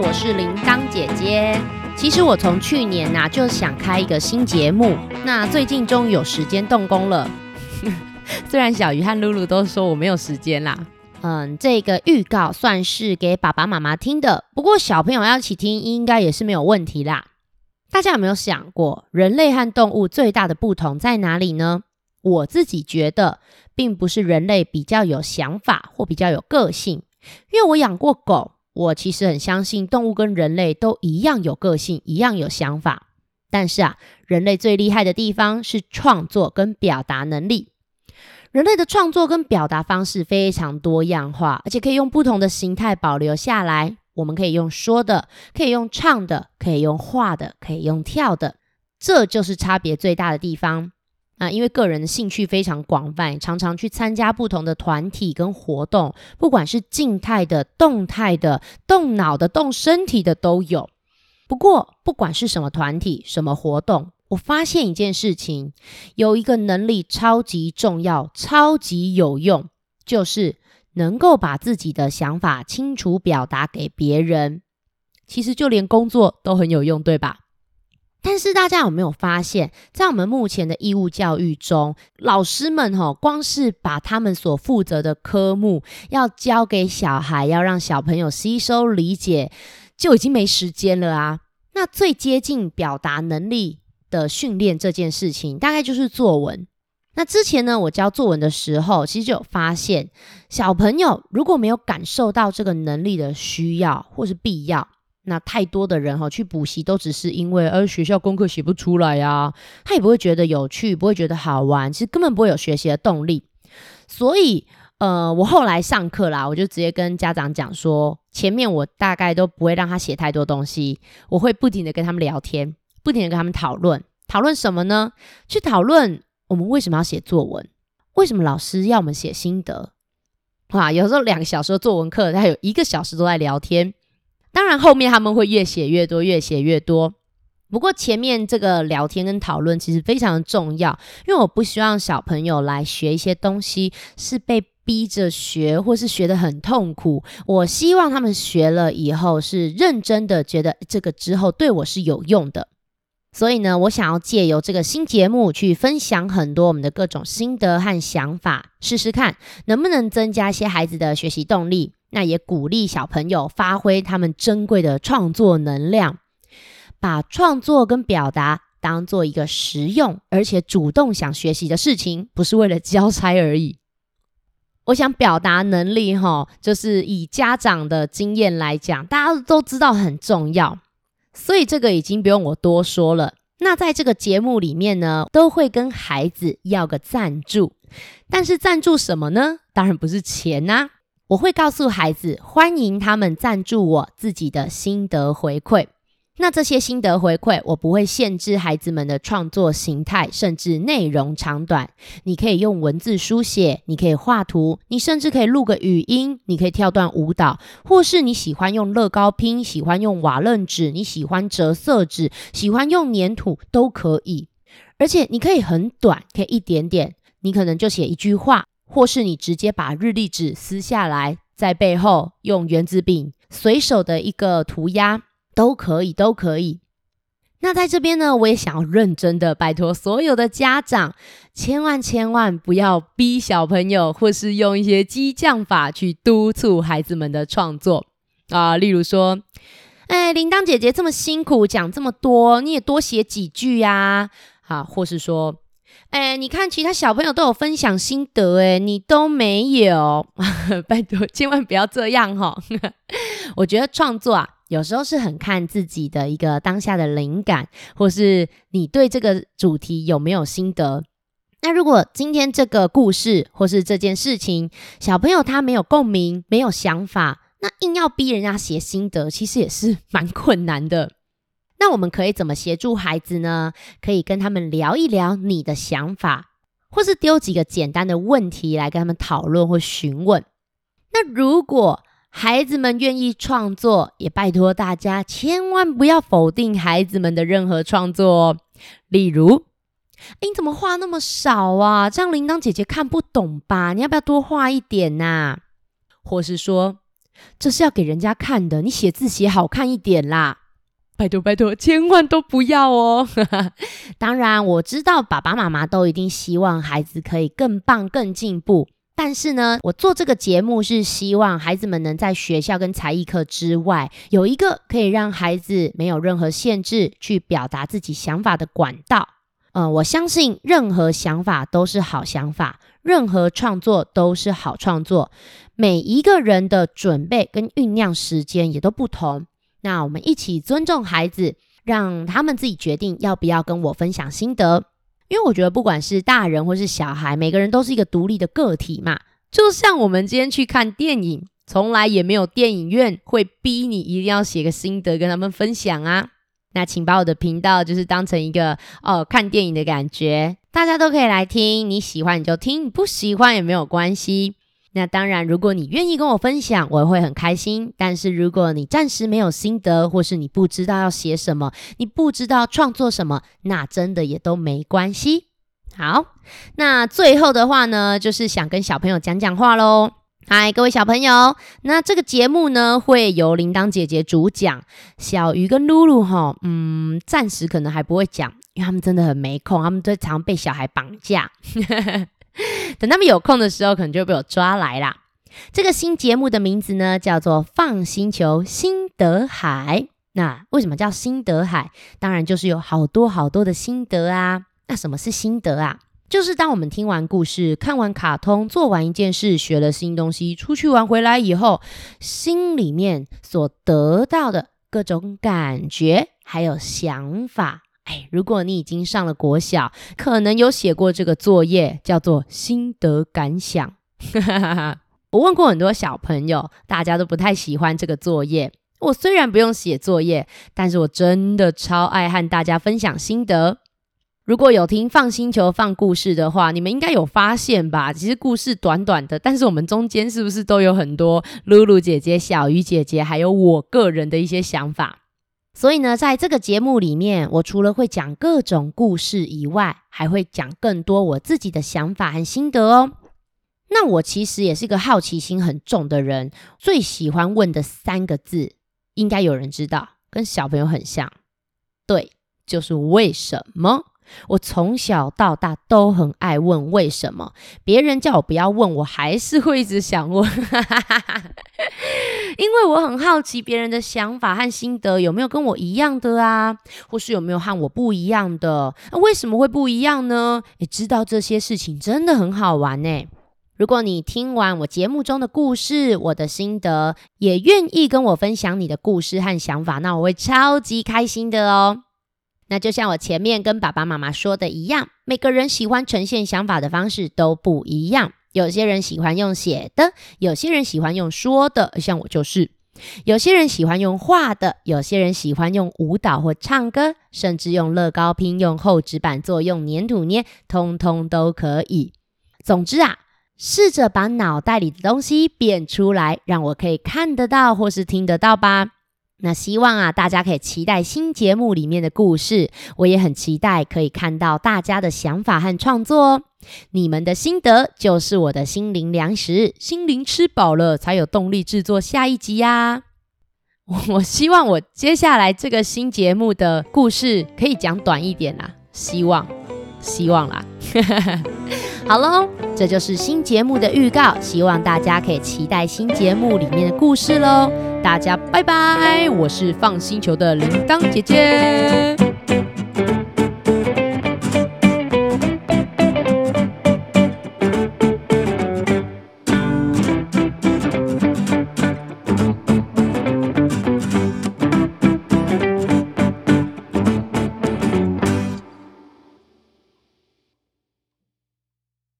我是鈴噹姐姐。其實我從去年吶、啊、就想開一個新節目，那最近終於有時間動工了。 雖然小魚和露露都說我沒有時間啦。嗯，這個預告算是給爸爸媽媽聽的，不過小朋友要一起聽應該也是沒有問題啦。大家有沒有想過，人類和動物最大的不同在哪裡呢？我自己覺得，並不是人類比較有想法或比較有個性，因為我養過狗。我其實很相信動物跟人類都一樣有個性，一樣有想法。但是啊，人類最厲害的地方是創作跟表達能力。人類的創作跟表達方式非常多樣化，而且可以用不同的形態保留下來。我們可以用說的，可以用唱的，可以用畫的，可以用跳的。這就是差別最大的地方。啊，因為個人的興趣非常廣泛，常常去參加不同的團體跟活動，不管是靜態的、動態的、動腦的、動身體的都有。不過，不管是什麼團體、什麼活動，我發現一件事情，有一個能力超級重要、超級有用，就是能夠把自己的想法清楚表達給別人。其實就連工作都很有用，對吧？但是大家有沒有發現，在我們目前的義務教育中，老師們哈、喔，光是把他們所負責的科目要教給小孩，要讓小朋友吸收理解，就已經沒時間了啊！那最接近表達能力的訓練這件事情，大概就是作文。那之前呢，我教作文的時候，其實就有發現，小朋友如果沒有感受到這個能力的需要或是必要，那太多的人哈、哦、去補習都只是因為，呃，學校功課寫不出來呀、啊，他也不會覺得有趣，不會覺得好玩，其實根本不會有學習的動力。所以，呃，我後來上課啦，我就直接跟家長講說，前面我大概都不會讓他寫太多東西，我會不停的跟他們聊天，不停的跟他們討論，討論什麼呢？去討論我們為什麼要寫作文，為什麼老師要我們寫心得，啊，有時候兩個小時的作文課，他有一個小時都在聊天。當然，後面他們會越寫越多，越寫越多。不過前面這個聊天跟討論其實非常的重要，因為我不希望小朋友來學一些東西是被逼着學，或是學得很痛苦。我希望他們學了以後是認真的，覺得這個之後對我是有用的。所以呢，我想要借由這個新節目去分享很多我們的各種心得和想法，試試看能不能增加一些孩子的學習動力。那也鼓勵小朋友發揮他們珍貴的創作能量，把創作跟表達當做一個實用而且主動想學習的事情，不是為了交差而已。我想表達能力哈，就是以家長的經驗來講，大家都知道很重要，所以這個已經不用我多說了。那在這個節目裡面呢，都會跟孩子要個贊助，但是贊助什麼呢？當然不是錢吶。我會告訴孩子，歡迎他們贊助我自己的心得回饋。那這些心得回饋，我不會限制孩子們的創作形態，甚至內容長短。你可以用文字書寫，你可以畫圖，你甚至可以錄個語音，你可以跳段舞蹈，或是你喜歡用樂高拼，喜歡用瓦楞紙，你喜歡折色紙，喜歡用粘土都可以。而且你可以很短，可以一點點，你可能就寫一句話。或是你直接把日曆紙撕下來，在背後用原子筆隨手的一個塗鴉都可以，都可以。那在這邊呢，我也想要認真的拜託所有的家長，千萬千萬不要逼小朋友，或是用一些激將法去督促孩子們的創作啊。例如說，哎、欸，鈴鐺姐姐這麼辛苦講這麼多，你也多寫幾句呀、啊，啊，或是說。哎、欸，你看其他小朋友都有分享心得，哎，你都沒有。 拜託，千萬不要這樣哈、喔！ 我覺得創作啊，有時候是很看自己的一個當下的靈感，或是你對這個主題有沒有心得。那如果今天這個故事或是這件事情，小朋友他沒有共鳴，沒有想法，那硬要逼人家寫心得，其實也是蠻困難的。那我們可以怎麼協助孩子呢？可以跟他們聊一聊你的想法，或是丟幾個簡單的問題來跟他們討論或詢問。那如果孩子們願意創作，也拜託大家千萬不要否定孩子們的任何創作哦。例如，誒，你怎麼畫那麼少啊？這樣鈴鐺姐姐看不懂吧？你要不要多畫一點啊？或是說，這是要給人家看的，你寫字寫好看一點啦。拜託，拜託，千萬都不要哦！ 當然，我知道爸爸媽媽都一定希望孩子可以更棒、更進步。但是呢，我做這個節目是希望孩子們能在學校跟才藝課之外，有一個可以讓孩子沒有任何限制去表達自己想法的管道。嗯、呃，我相信任何想法都是好想法，任何創作都是好創作，每一個人的準備跟醞釀時間也都不同。那我們一起尊重孩子，讓他們自己決定要不要跟我分享心得。因為我覺得不管是大人或是小孩，每個人都是一個獨立的個體嘛。就像我們今天去看電影，從來也沒有電影院會逼你一定要寫個心得跟他們分享啊。那請把我的頻道就是當成一個，哦，看電影的感覺，大家都可以來聽。你喜歡你就聽，不喜歡也沒有關係。那當然，如果你願意跟我分享，我會很開心。但是如果你暫時沒有心得，或是你不知道要寫什麼，你不知道要創作什麼，那真的也都沒關係。好，那最後的話呢，就是想跟小朋友講講話嘍。嗨，各位小朋友，那這個節目呢，會由鈴鐺姐姐主講，小魚跟露露吼，嗯，暫時可能還不會講，因為他們真的很沒空，他們都常被小孩綁架。 等他們有空的時候，可能就會被我抓來啦。這個新節目的名字呢，叫做“放星球心得海”。那為什麼叫心得海？當然就是有好多好多的心得啊。那什麼是心得啊？就是當我們聽完故事、看完卡通、做完一件事、學了新東西、出去玩回來以後，心裡面所得到的各種感覺，還有想法。哎，如果你已經上了國小，可能有寫過這個作業，叫做心得感想。哈哈哈，我問過很多小朋友，大家都不太喜歡這個作業。我雖然不用寫作業，但是我真的超愛和大家分享心得。如果有聽 FUN 星球放故事的話，你們應該有發現吧？其實故事短短的，但是我們中間是不是都有很多露露姐姐、小魚姐姐，還有我個人的一些想法？所以呢，在這個節目裡面，我除了會講各種故事以外，還會講更多我自己的想法和心得哦。那我其實也是一個好奇心很重的人，最喜歡問的三個字，應該有人知道，跟小朋友很像。對，就是為什麼？我從小到大都很愛問為什麼，別人叫我不要問，我還是會一直想問。 因為我很好奇別人的想法和心得有沒有跟我一樣的啊，或是有沒有和我不一樣的？那、啊、為什麼會不一樣呢？也知道這些事情真的很好玩呢。如果你聽完我節目中的故事，我的心得，也願意跟我分享你的故事和想法，那我會超級開心的哦。那就像我前面跟爸爸媽媽說的一樣，每個人喜歡呈現想法的方式都不一樣。有些人喜歡用寫的，有些人喜歡用說的，像我就是。有些人喜歡用畫的，有些人喜歡用舞蹈或唱歌，甚至用樂高拼、用厚紙板做、用黏土捏，通通都可以。總之啊，試着把腦袋裡的東西變出來，讓我可以看得到或是聽得到吧。那希望啊，大家可以期待新節目裡面的故事。我也很期待可以看到大家的想法和創作，哦，你們的心得就是我的心靈糧食，心靈吃飽了才有動力製作下一集呀、啊。 我希望我接下來這個新節目的故事可以講短一點啦、啊，希望，希望啦。 好嘍，這就是新節目的預告，希望大家可以期待新節目裡面的故事嘍。大家拜拜，我是 FUN 星球的鈴鐺姐姐。